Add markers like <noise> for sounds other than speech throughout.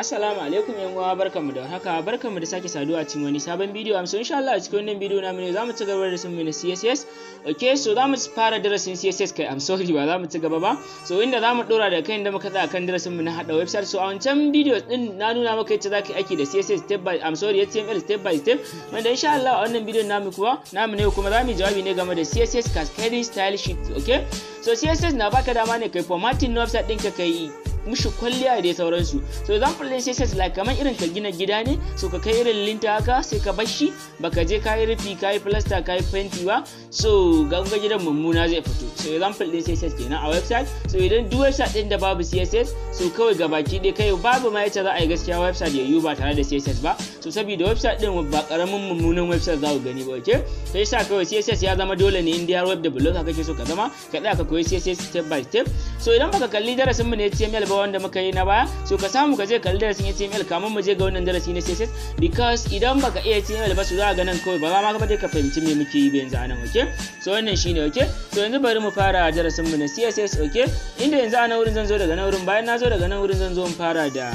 assalamu alaikum yan uwa barkamu da haka barkamu da sake saduwa a cikin wani sabon bidiyo am insha Allah a cikin wannan bidiyo mu ne zamu ci gaba da sun na CSS okay so zamu fara darasin CSS kai am sorry ba zamu ci gaba ba so inda zamu dora da kai inda muka tsaya kan darasin mu na hada website so a wancan bidiyo din na nuna maka yadda zaka aiki da CSS step by am sorry HTML step by step wanda insha Allah a wannan bidiyon namu kuwa namu ne kuma zamu jawabi ne game da CSS cascading style sheet okay so CSS na baka dama ne kai formatting na website ɗinka kai mushi kwalliya da sauransu so example din sai sai like kamar irin ka gina gida ne so ka kai irin linta haka sai ka bar shi baka je ka rufi ka yi plaster ka yi fenti ba so ga gidan mummuna zai fito so example din css kenan a website so idan duk website din da babu css so kawai gabaki ɗaya kai babu ma yace za a yi gaskiya website ya yiwu ba tare da css ba so saboda website din ba karamin mummunan website za ku gani ba okay sai sa kawai css ya zama dole ne indiya web developer kake so ka zama ka tsaya ka koyi css step by step so idan baka kalli darasin mu ne html ga wanda muka yi na baya so ka samu ka je kalli darasin HTML kamar mu je ga wannan darasi na CSS because idan baka iya HTML ba su za ga nan kawai ba ma ka ka fahimci me muke yi ba yanzu anan okay so wannan shine okay so yanzu bari mu fara darasin mu na CSS okay inda yanzu anan wurin zan zo daga nan wurin bayan na zo daga nan wurin zan zo in fara da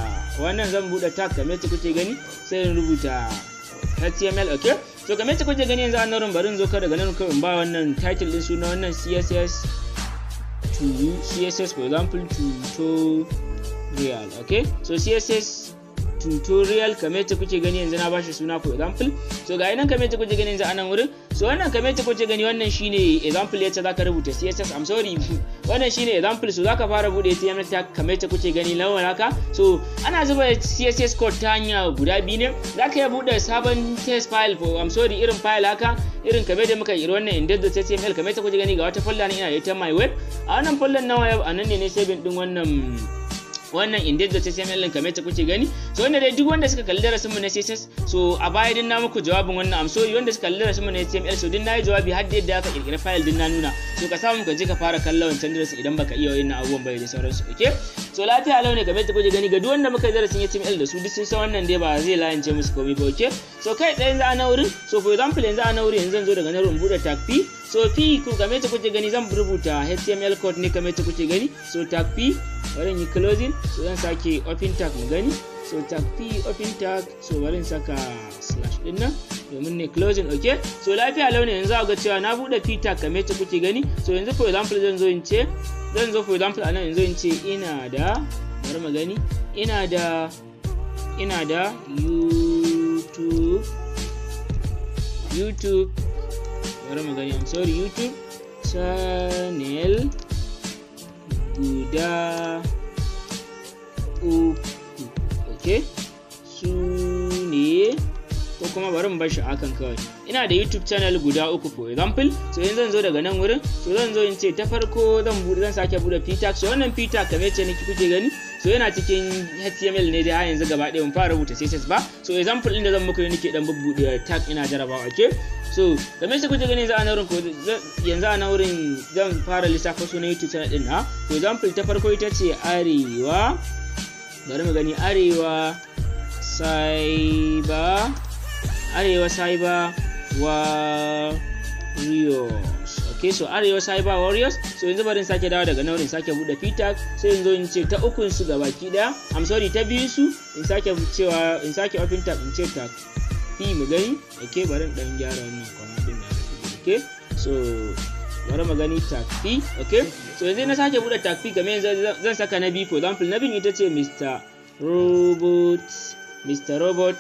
wannan zan bude tag kamar yadda kuke gani sai in rubuta HTML okay so kamar yadda kuke gani yanzu anan wurin bari in zo ka daga nan kawai in ba wannan title din suna wannan CSS to css for example to show real, okay so css tutorial kamar yadda kuke gani yanzu na bashi suna for example so ga nan kamar yadda kuke gani yanzu a nan wurin so wannan kamar yadda kuke gani wannan shine example yadda zaka rubuta css i'm sorry wannan shine example so zaka fara bude html tag kamar yadda kuke gani nan haka so ana zuba css code ta hanya guda biyu ne zaka iya bude sabon test file for i'm sorry irin file haka irin kamar yadda muka yi wannan index.html kamar yadda kuke gani ga wata folder ne ina da ita my web a wannan folder na web a nan ne ne saving din wannan wannan index HTML din kamar ta kuke gani so wannan dai duk wanda suka kalli darasin mu na CSS so a baya din na muku jawabin wannan am sorry wanda suka kalli darasin mu na HTML so din nayi jawabi har da yadda aka kirkira file din na nuna so ka samu ka je ka fara kallon wancan darasin idan baka iya na abubuwan bai da sauransu okay so lafiya lau ne kamar ta kuke gani ga duk wanda muka darasin HTML da su duk sun san wannan dai ba zai ce musu komai ba okay so kai tsaye za a na wurin so for example yanzu a na wurin yanzu zan zo daga na wurin tag P so fi ku game ta kuke gani zan rubuta html code ne game ta kuke gani so tag p warin yi closing so zan sake open tag mu gani so tag p open tag so warin saka slash din nan domin ne closing ok so lafiya launi yanzu a ga cewa na bude p tag game ta kuke gani so yanzu for example zan zo in ce zan zo for example anan yanzu in ce ina da bari mu gani ina da ina da youtube youtube ahora me gani I'm sorry YouTube channel guda uku ok su ne ko kuma bari mu bar shi akan kawai ina da youtube channel guda uku for example so in zan zo daga nan wurin so zan zo in ce ta farko zan bude zan sake bude ptax so wannan ptax kamar yadda nake kuke gani so yana cikin html ne da yanzu gaba ɗaya mun fara rubuta css ba so example din da zan muku yi nake dan bubbude tag ina jarabawa okay so game da kuke gani za a nan ko yanzu a nan zan fara lissafa sunan youtube channel din ha for example ta farko ita ce arewa bari mu gani arewa saiba arewa wa warriors okay so arewa cyber warriors so yanzu bari sake dawo daga naurin sake bude fitak sai yanzu in ce ta ukun su gabaki daya i'm sorry ta biyu su in sake cewa in sake open tab in ce ta yi mu gani ok bari dan gyara ni kwana din da ok so bari mu gani tafi ok so yanzu na sake bude tafi game yanzu zan saka na biyu for example na bin ita ce mr robot mr robot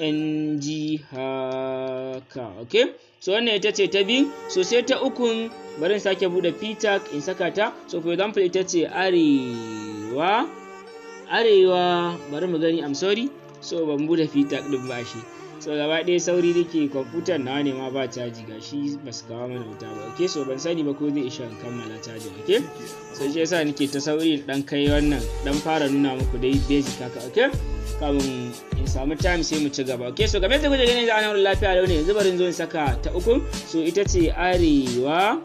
ng haka ok so wannan ita ce ta biyu so sai ta ukun bari in sake bude ptac in saka ta so for example ita ce arewa arewa bari mu gani i'm sorry so ban bude ptac din ba shi so gaba ɗaya sauri nake kwamfutar na ne ma ba caji ga shi ba su kawo mana wuta ba ok so ban sani ba ko zai isha in kammala caji ok so shi yasa nake ta sauri dan kai wannan dan fara nuna muku dai basic haka ok kamun in samu time sai mu ci gaba ok so game da kuke gani za a lafiya lau ne yanzu bari zo in saka ta uku so ita ce arewa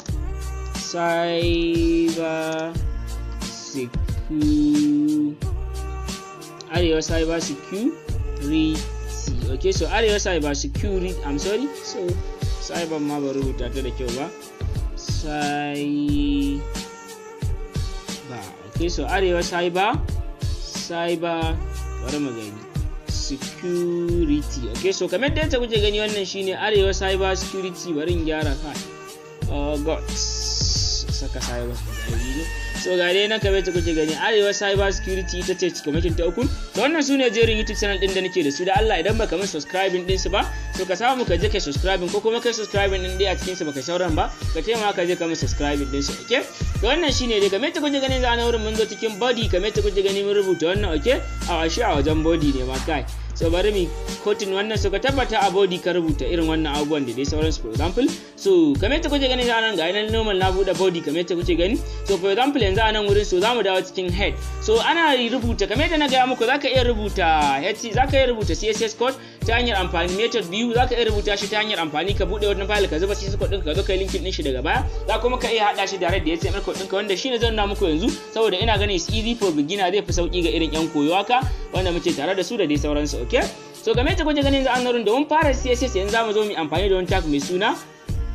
cyber security arewa cyber security privacy ok so arewa cyber security i'm sorry so cyber ma ba rubuta ta da kyau ba cyber ok so arewa cyber cyber bari mu gani security ok so kamar da ta kuke gani wannan shine arewa cyber security bari in gyara ka uh, oh, got saka cyber security so ga dai nan kamar yadda kuke gani arewa cyber security ita ce cikamakin ta uku to wannan su ne jerin youtube channel din da nake da su da Allah idan baka min subscribing din su ba to ka samu ka je ka subscribing ko kuma kai subscribing din dai a cikin su baka shauran ba ka ma ka je ka min subscribing din su okay to wannan shine dai kamar yadda kuke gani za a nan wurin mun zo cikin body kamar yadda kuke gani mun rubuta wannan okay a washe a wajen body ne ma kai so bari mi kotin wannan so ka tabbata a body ka rubuta irin wannan abubuwan da dai sauransu for example so kamar yadda kuke gani anan ga nan normal na bude body kamar yadda kuke gani so for example yanzu anan wurin so zamu dawo cikin head so ana rubuta kamar yadda na gaya muku zaka iya rubuta head zaka iya rubuta CSS code ta hanyar amfani method biyu za ka iya rubuta shi ta hanyar amfani ka buɗe wannan file ka zuba shi su ɗinka ka zo ka yi linkin ɗin shi daga baya za kuma ka iya haɗa shi direct da HTML code ɗinka wanda shine zan nuna muku yanzu saboda ina ganin is easy for beginner zai fi sauki ga irin yan koyo haka wanda muke tare da su da dai sauransu okay so game da gwaje ganin za'an da domin fara css yanzu zamu zo mu amfani da wani tag mai suna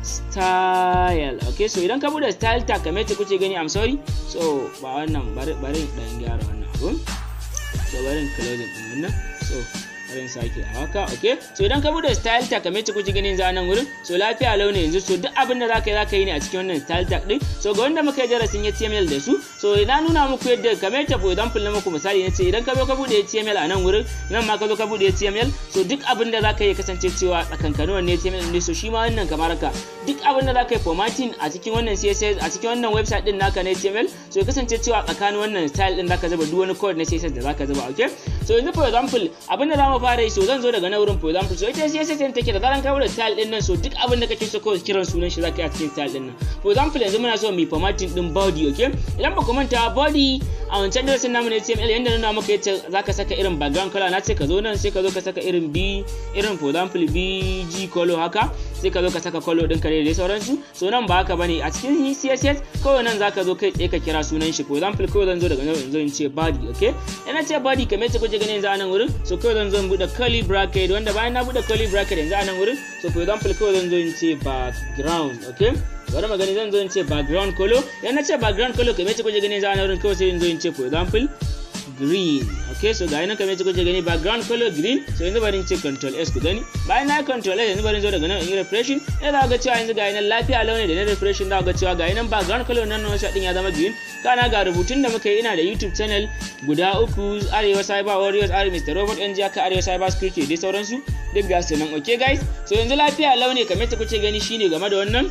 style okay so idan ka bude style tag kamar yadda kuce gani i'm sorry so ba wannan bari bari dan gyara wannan abun so bari close din wannan so ran sake a haka okay so idan ka bude style tag kamar yadda kuji ganin za wurin so lafiya launi yanzu so duk abin da zaka yi zaka yi ne a cikin wannan style tag din so ga wanda muka yi darasin HTML da su so na nuna muku yadda kamar yadda for example na muku misali ne ce idan ka zo ka bude HTML a nan wurin nan ma ka zo ka bude HTML so duk abin da zaka yi kasance cewa tsakankanin wannan HTML din so shi ma wannan kamar haka duk abin da zaka yi formatting a cikin wannan CSS a cikin wannan website din naka na HTML so kasance cewa tsakanin wannan style din zaka zuba duk wani code na CSS da zaka zuba okay so yanzu for example abin da zamu fara yi so zan zo daga nan wurin for example so ita sai sai take da zaran ka bude style ɗin nan so duk abin da kake so kawai kiran sunan shi zaka yi a cikin style ɗin nan for example yanzu muna so mi formatting ɗin body okay idan ba ku manta body a wancan darasin namu na HTML yanda nuna maka yace zaka saka irin background color na ce ka zo nan sai ka zo ka saka irin B irin for example BG color haka sai ka zo ka saka color ɗin ka da sauransu so nan ba haka bane a cikin CSS kawai nan zaka zo kai tsaye ka kira sunan shi for example kawai zan zo daga nan zan ce body okay ina ce body kamar yadda kuje ganin yanzu nan wurin so kawai zan zo zan buɗe curly bracket wanda bayan na buɗe curly bracket yanzu a nan wurin so for example kawai zan zo in ce background okay wani magani zan zo in ce background color yana ce background color kamar ce kuje gani yanzu a nan wurin kawai sai in zo in ce for example green okay so ga nan kamar yadda kuke gani background color green so yanzu bari in ce control s ku gani bayan na control s yanzu bari in zo daga nan in yi refreshing yanzu za ga cewa yanzu ga nan lafiya launi da na refreshing za ga cewa ga nan background color nan na din ya zama green kana ga rubutun da muka yi ina da youtube channel guda uku arewa cyber warriors are mr robert ng aka arewa cyber security dai sauransu duk gasu nan okay guys so yanzu lafiya launi kamar yadda kuke gani shine game da wannan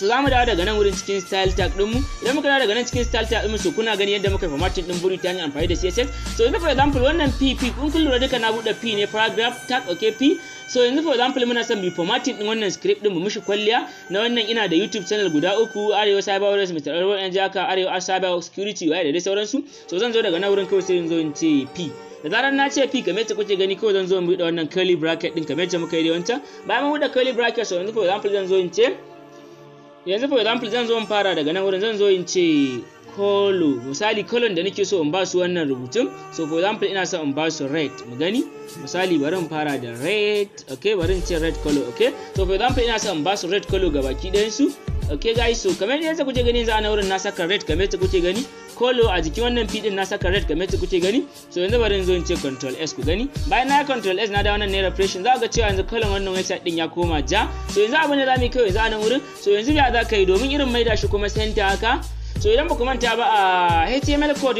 so za mu dawo daga nan wurin cikin style tag din mu idan muka dawo daga nan cikin style tag din mu so kuna gani yadda muka martin din buri ta hanyar amfani da css so yanzu for example wannan p p kun kun lura duka na bude p ne paragraph tag okay p so yanzu for example muna son mu formatting din wannan script din mu mishi kwalliya na wannan ina da youtube channel guda uku arewa cyber warriors mr arwa yan jaka arewa cyber security waye da dai sauransu so zan zo daga nan wurin kawai sai in zo in ce p da zarar na ce fi kamar yadda kuke gani kawai zan zo mu buɗe wannan curly bracket din kamar yadda muka yi da wancan bayan mun buɗe curly bracket so yanzu for example zan zo in ce yanzu for example zan zo in fara daga nan wurin zan zo in ce kolo misali kolon da nake so in ba su wannan rubutun so for example ina so in ba su red mu gani misali bari in fara da red okay bari in ce red kolo okay so for example ina so in ba su red color gabaki ɗayan su okay guys so kamar yadda kuke gani yanzu a wurin na saka red kamar yadda kuke gani kolo a jikin wannan fidin na saka red game yadda kuke gani so yanzu bari zo in ce control s ku gani bayan na control s na da wannan ne refreshing za ga cewa yanzu kolon wannan website din ya koma ja so yanzu abin da za mu yi kawai za nan wurin so yanzu ya za ka yi domin irin maida shi kuma center haka so idan ba ku manta ba a html code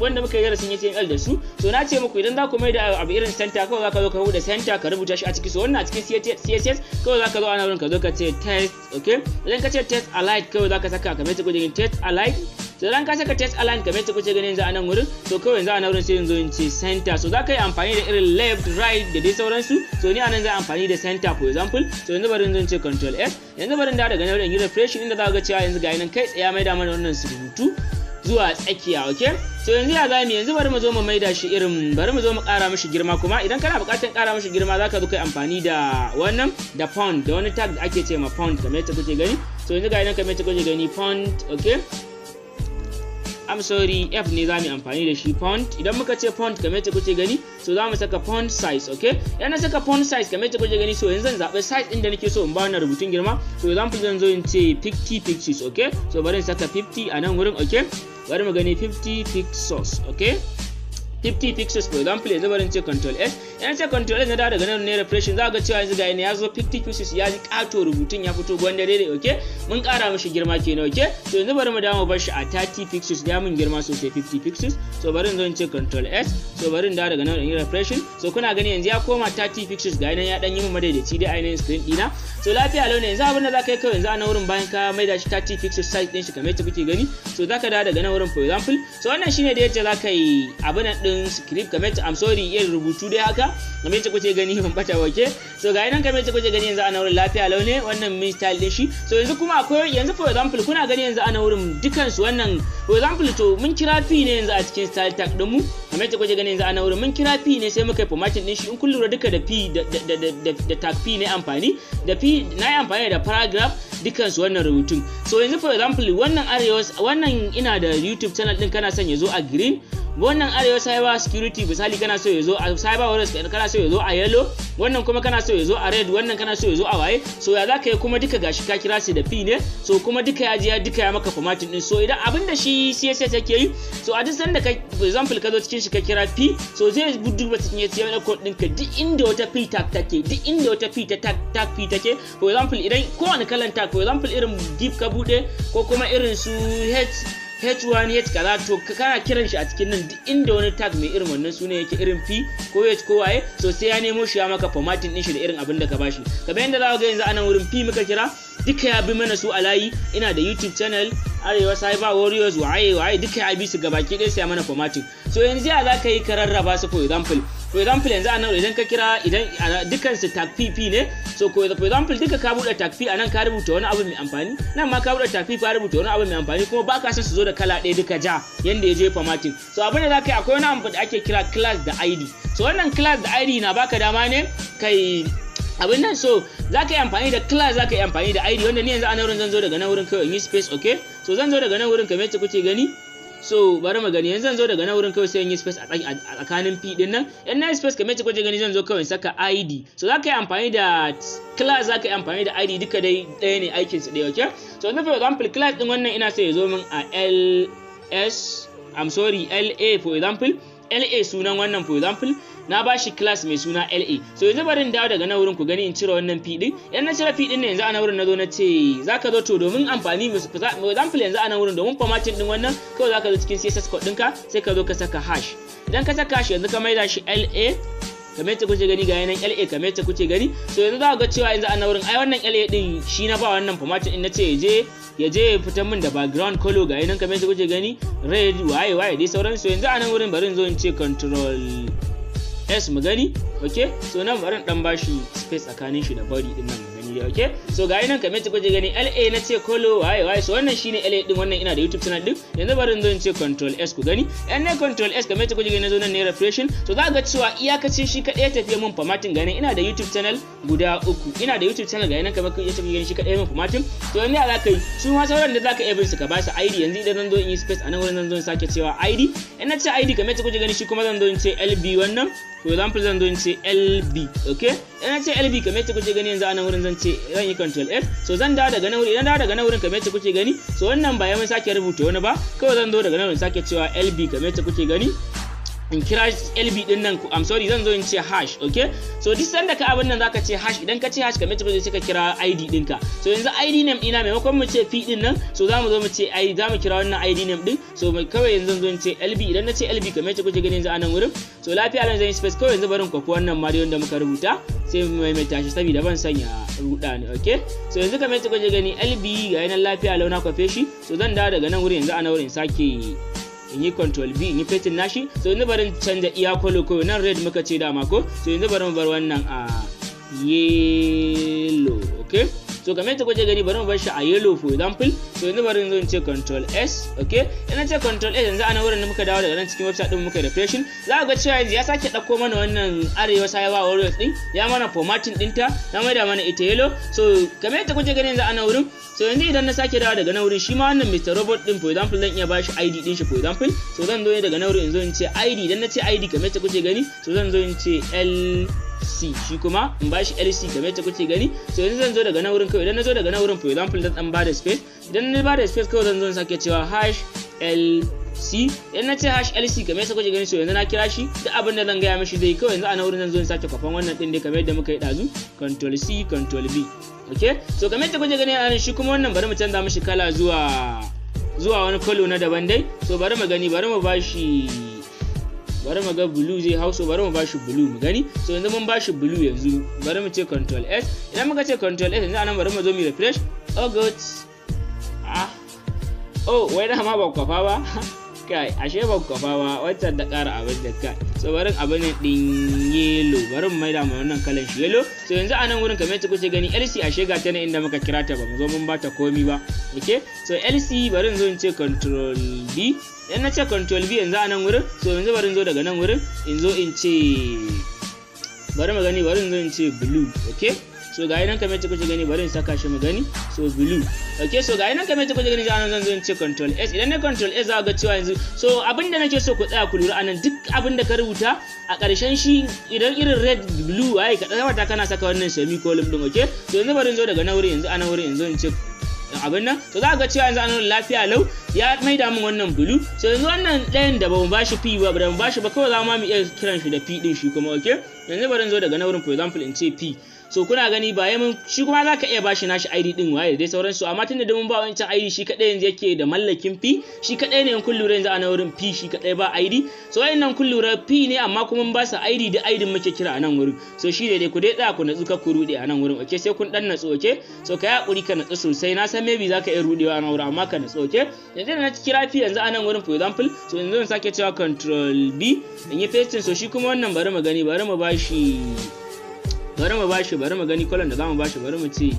wanda muka yi darasin html da su so na ce muku idan za ku mai da abu irin center kawai za ka zo ka huda center ka rubuta shi a ciki so wannan a cikin css kawai za ka zo ana wurin ka zo ka ce test okay idan ka ce test alike kawai za ka saka mai ta kuke test alike so dan ka saka test align kamar yadda kuke ganin yanzu a nan wurin so kawai yanzu a nan wurin sai yanzu in ce center so za ka yi amfani da irin left right da dai sauransu so ni a nan zai amfani da center for example so yanzu bari zan ce control s yanzu bari da daga nan wurin yi refresh inda za ka ga cewa yanzu ga nan kai tsaya mai da mana wannan surutu zuwa tsakiya ok so yanzu ya zamu yanzu bari mu zo mu maida shi irin bari mu zo mu kara mishi girma kuma idan kana buƙatar ƙara mishi girma za ka zo kai amfani da wannan da pound da wani tag da ake ce ma pound kamar yadda kuke gani so yanzu ga idan kamar yadda kuke gani pound ok I'm sorry F ne za mu amfani da shi font idan muka ce font kamar yadda kuke gani so za mu saka font size okay idan na saka font size kamar yadda kuke gani so yanzu zan zaɓi size ɗin da nake so in ba wannan rubutun girma so example zan zo in ce 50 pixels okay so bari in saka 50 a nan wurin okay bari mu gani 50 pixels okay 50 pixels for example yanzu bari ce control s in ce control s na dawo daga nan ne refreshing za ga cewa yanzu ga ya zo 50 pixels ya ji kato rubutun ya fito gwan da daidai okay mun kara mishi girma kenan okay to yanzu bari mu dawo mu bar shi a 30 pixels ya mun girma sosai 50 pixels so bari in zo in ce control s so bari in dawo daga nan in refreshing so kuna gani yanzu ya koma 30 pixels ga nan ya dan yi mu madaidaici dai ainihin screen dina so lafiya lau ne yanzu abin da za ka yi kawai yanzu a wurin bayan ka maida shi 30 pixels size din shi kamar yadda kuke gani so za ka dawo daga nan wurin for example so wannan shine da yadda za ka yi abin nan irin script kamar yadda I'm sorry irin rubutu dai haka kamar yadda kuke gani ban bata wake so ga nan kamar yadda kuke gani yanzu ana wurin lafiya laune wannan min style din shi so yanzu kuma akwai yanzu for example kuna gani yanzu ana wurin dukan su wannan for example to mun kira fi ne yanzu a cikin style tag din mu kamar yadda kuke gani yanzu ana wurin mun kira fi ne sai muka yi formatting din shi in kun lura duka da fi da da da da tag fi ne amfani da fi na yi amfani da paragraph dukan su wannan rubutun so yanzu for example wannan arewa wannan ina da youtube channel din kana son ya zo a green wannan arewa cyber security misali kana so ya zo a cyber warriors kana so ya zo a yellow wannan kuma kana so ya zo a red wannan kana so ya zo a waye so ya zaka yi kuma duka gashi ka kira su da p ne so kuma duka ya ji ya duka ya maka formatting din so idan abin da shi css yake yi so a duk sanda ka for example ka zo cikin shi ka kira p so zai duba cikin ya tsaya code ka duk inda wata p tag take duk inda wata p ta tag tag p take for example idan kowane kalan tag for example irin deep ka bude ko kuma irin su h h1 h kaza to kana kiran shi a cikin nan duk inda wani tag mai irin wannan suna yake irin p ko h ko waye so sai ya nemo shi ya maka formatting din shi da irin abin da ka bashi kamar yadda za ga yanzu anan wurin p muka kira duka ya bi mana su a layi ina da youtube channel arewa cyber warriors waye waye duka ya bi su baki ɗaya sai mana formatting so yanzu ya za ka yi ka rarraba su for example for example yanzu anan idan ka kira idan dukan su tag pp ne so for example duka ka bude tag pp anan ka rubuta wani abu mai amfani nan ma ka bude tag pp ka rubuta wani abu mai amfani kuma ba ka son su zo da kala ɗaya duka ja yanda ya je formatting so abin da zaka yi akwai wani abu da ake kira class da id so wannan class da id na baka dama ne kai abin nan so za ka yi amfani da class za ka yi amfani da id wanda ni yanzu a wurin zan zo daga nan wurin kawai yi space okay so zan zo daga nan wurin kamar yadda kuke gani so bari mu gani yanzu zan zo daga nan wurin kawai sai yi space a tsakanin p din nan yan na space kamar yadda kuke gani zan zo kawai saka id so za ka yi amfani da class za ka yi amfani da id duka dai ɗaya ne aikin su ɗaya ok so na for example class din wannan ina so ya zo min a ls i'm sorry la for example LA sunan wannan for example na ba shi class mai suna LA so yanzu bari in dawo daga nan wurin ku gani in cire wannan P din idan na cire P din ne yanzu a na wurin na zo na ce zaka zo to domin amfani for example yanzu a na wurin domin formatting din wannan kawai zaka zo cikin CSS code ɗinka sai ka zo ka saka hash idan ka saka hash yanzu ka maida shi LA kamar ta kuce gani ga yanan LA kamar ta kuce gani so yanzu za ku ga cewa yanzu a na wurin ai wannan LA din shi na ba wannan formatting din na ce je ya je ya fita min da background color ga nan kamar yadda kuke gani red waye waye dai sauransu yanzu a nan wurin bari in zo in ce control s mu gani ok so nan bari dan bashi space tsakanin shi da bari din nan gani dai ok so ga nan kamar kwaje gani LA na ce kolo waye waye so wannan shine LA din wannan ina da YouTube channel din yanzu bari zo in ce control S ku gani yan ne control S kamar kwaje gani zo nan ne refreshing so za ga cewa iyakacin shi kadai ya tafiya mun formatting gani ina da YouTube channel guda uku ina da YouTube channel ga nan kamar kuke gani shi kadai mun formatting to yanzu ya za ka yi su ma sauran da za ka su ka ba su ID yanzu idan zan zo in yi space a nan wurin zan zo in sake cewa ID yan na ce ID kamar kwaje gani shi kuma zan zo in ce LB wannan for example zan zo in ce lb okay ina ce lb kamar yadda kuke gani yanzu a nan wurin zan ce zan yi control f so zan dawo daga nan wurin idan dawo daga nan wurin kamar yadda kuke gani so wannan ba ya mai sake rubuta wani ba kawai zan zo daga nan wurin sake cewa lb kamar yadda kuke gani in kira lb din nan I'm sorry zan zo in ce hash okay so duk sanda ka abin nan zaka ce hash idan ka ce hash kamar yadda sai ka kira id dinka so yanzu id name ina maimakon mu ce fi din nan so zamu zo mu ce id zamu kira wannan id name din so mai kawai yanzu zan zo in ce lb idan na ce lb ka yadda kuke gani yanzu a nan wurin so lafiya lan zan space kawai yanzu barin kwafi wannan mariyon da muka rubuta sai mu maimaita shi saboda ban sanya ruda ne okay so yanzu ka yadda kuke gani lb ga yanan lafiya launa kwafe shi so zan dawo daga nan wurin yanzu a nan wurin sake in yi control B in yi fetin nashi so yanzu bari canza iya kwalo nan red muka ce dama ko so yanzu bari bar wannan a yellow okay to game ta kwace gani bari mu bar shi a yellow for example so yanzu bari zo in ce control s okay ina ce control s yanzu ana wurin da muka dawo daga nan cikin website din muka refresh za ka ga cewa yanzu ya sake dauko mana wannan arewa sai ba warriors din ya mana formatting dinta ya maida mana ita yellow so game ta kwace gani yanzu ana wurin so yanzu idan na sake dawo daga nan wurin shi ma wannan Mr. Robot din for example zan iya bashi ID din shi for example so zan zo daga nan wurin in zo in ce ID idan na ce ID kamar ta kuke gani so zan zo in ce L C shi kuma in shi LC game ta kuke gani so yanzu zan zo daga na wurin kawai idan na zo daga na wurin for example dan dan bada space idan na bada space kawai zan zo sake cewa hash LC idan na ce hash LC kamar yadda kuke gani so yanzu na kira shi duk abin da zan gaya mishi zai kawai yanzu a na wurin zan zo in sake kwafan wannan din ne kamar yadda muka yi dazu control C control B okay so kamar yadda kuke gani a nan shi kuma wannan bari mu canza mishi kala zuwa zuwa wani kalo na daban dai so bari mu gani bari mu bashi bari mu ga blue zai hau so bari mu bashi blue mu gani so yanzu mun bashi blue yanzu bari mu ce control s idan muka ce control s yanzu anan bari mu zo mu refresh oh god ah oh wai da ma ba kafa ba <laughs> kai ashe ba kafa ba wacce da ƙara abin da kai so bari abin ne din yellow bari mu maida mu wannan kalan shi yellow so yanzu anan wurin kamar yadda kuke gani lc ashe ga ta ne inda muka kira ta ba mu zo mun bata komi ba okay so lc bari zo mu ce control d idan na ce control v yanzu a nan wurin so yanzu bari zo daga nan wurin in zo in ce bari mu gani bari zo in ce blue ok so ga nan kamar ce kuce gani bari in saka shi mu gani so blue ok so ga nan kamar ce kuce gani anan zan zo in ce control s idan na control s za ga cewa yanzu so abin da nake so ku tsaya ku lura anan duk abin da ka rubuta a ƙarshen shi idan irin red blue ai ka tsaya kana saka wannan semicolon din ok so yanzu bari zo daga nan wurin yanzu nan wurin in zo in ce abin nan to za ga cewa yanzu an lafiya lau ya maida min wannan bulu so yanzu wannan ɗayan da bamu bashi fi ba da bashi ba kawai za mu iya kiran shi da fi ɗin shi kuma ok yanzu bari zo daga na wurin for example in ce fi so kuna gani ba yamin shi kuma za ka iya bashi nashi ID din waye da dai sauransu amma tunda da mun ba wancan ID shi kadai yanzu yake da mallakin P shi kadai ne in kun lura yanzu ana wurin P shi kadai ba ID so nan kun lura P ne amma kuma mun ba su ID da ID muke kira a nan wurin so shi ne dai ku dai tsaya ku natsu ka ku rude a nan wurin okay sai kun dan natsu okay so ka hakuri ka natsu sosai na san maybe ka iya rudewa a nan wurin amma ka natsu okay yanzu na kira P yanzu a nan wurin for example so yanzu zan sake cewa control B in yi pasting so shi kuma wannan bari mu gani bari mu shi bari mu bashi bari mu gani kolon da zamu bashi bari mu ce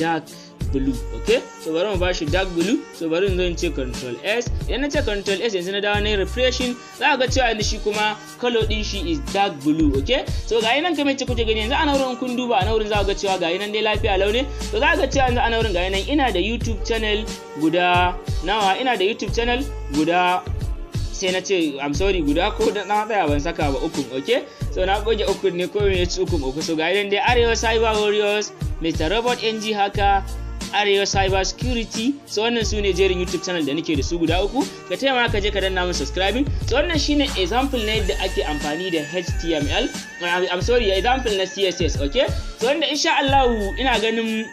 dark blue okay so bari mu bashi dark blue so bari mu zo in ce control s idan na ce control s yanzu na dawo na refreshing za ga cewa yanzu shi kuma color din shi is dark blue okay so ga nan kamar ce kuke gani yanzu ana wurin kun duba ana wurin za ga cewa ga nan dai lafiya laune so za ga cewa yanzu ana wurin ga nan ina da youtube channel guda nawa ina da youtube channel guda sai na ce I'm sorry guda ko na tsaya ban saka ba ukun okay so na goge ukun ne ko ya ci ukun uku so ga idan dai Arewa Cyber Warriors Mr. Robot NG haka Arewa Cyber Security so wannan su ne jerin YouTube channel da nake da su guda uku ka taya ka je ka danna mu subscribing so wannan shine example na yadda ake amfani da HTML I'm sorry example na CSS okay so wanda insha Allah ina ganin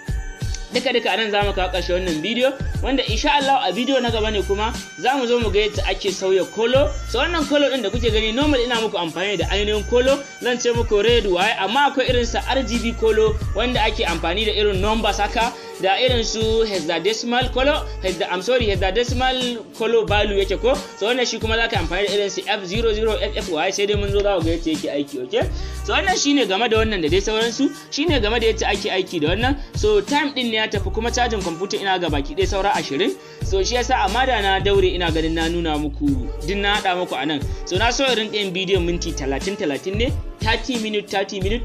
duka duka anan zamu kawo ƙarshe wannan bidiyo wanda insha Allah a bidiyo na gaba ne kuma za mu zo mu ga yadda ake sauya kolo so wannan kolo ɗin da kuke gani normal ina muku amfani da ainihin kolo zan ce muku red waye amma akwai irin sa RGB kolo wanda ake amfani da irin numbers haka da irin su hexadecimal color hexad I'm sorry hexadecimal color value yake ko so wannan shi kuma zaka amfani da irin su F00 FFY sai dai mun zo za ga yace yake aiki okay so wannan shine game da wannan da dai sauransu shine game da yace ake aiki da wannan so time din ne ya tafi kuma cajin kwamfuta ina ga baki ɗaya saura 20 so shi yasa amma da na daure ina ganin na nuna muku din na haɗa muku anan so na so irin ɗayan bidiyon minti 30 30 ne 30 minute 30 minute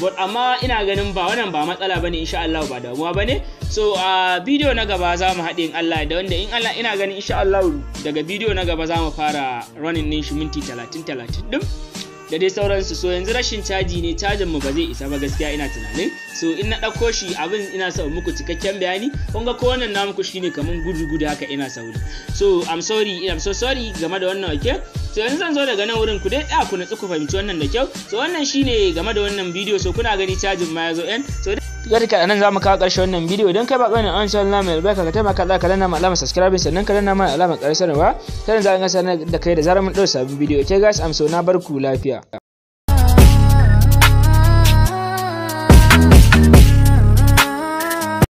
but amma ina ganin ba wannan ba matsala bane insha Allah ba damuwa bane so a bidiyo na gaba za mu haɗe in Allah da wanda in Allah ina ganin insha Allah daga bidiyo na gaba za mu fara running ne shi minti 30 30 din da dai sauransu so yanzu rashin caji ne cajin mu ba zai isa ba gaskiya ina tunanin so in na ɗauko shi abin ina sa muku cikakken bayani kun ga ko wannan namu shine kaman gudu gudu haka ina sauri so i'm sorry i'm so sorry game da wannan okay so yanzu zan zo daga nan wurin ku dai da ah, ku natsu ku fahimci wannan da kyau so wannan shine game da wannan bidiyo so kuna gani cajin ma ya zo yan so gari ka nan zamu kawo ƙarshen wannan bidiyo idan kai ba ƙwai an sha Allah mai albarka ka taimaka Allah ka danna mu alamar subscribe sannan ka danna mu alamar ƙarshen sanarwa sannan za a sanar da kai da zarar mun ɗau sabbin bidiyo ke guys am so na barku lafiya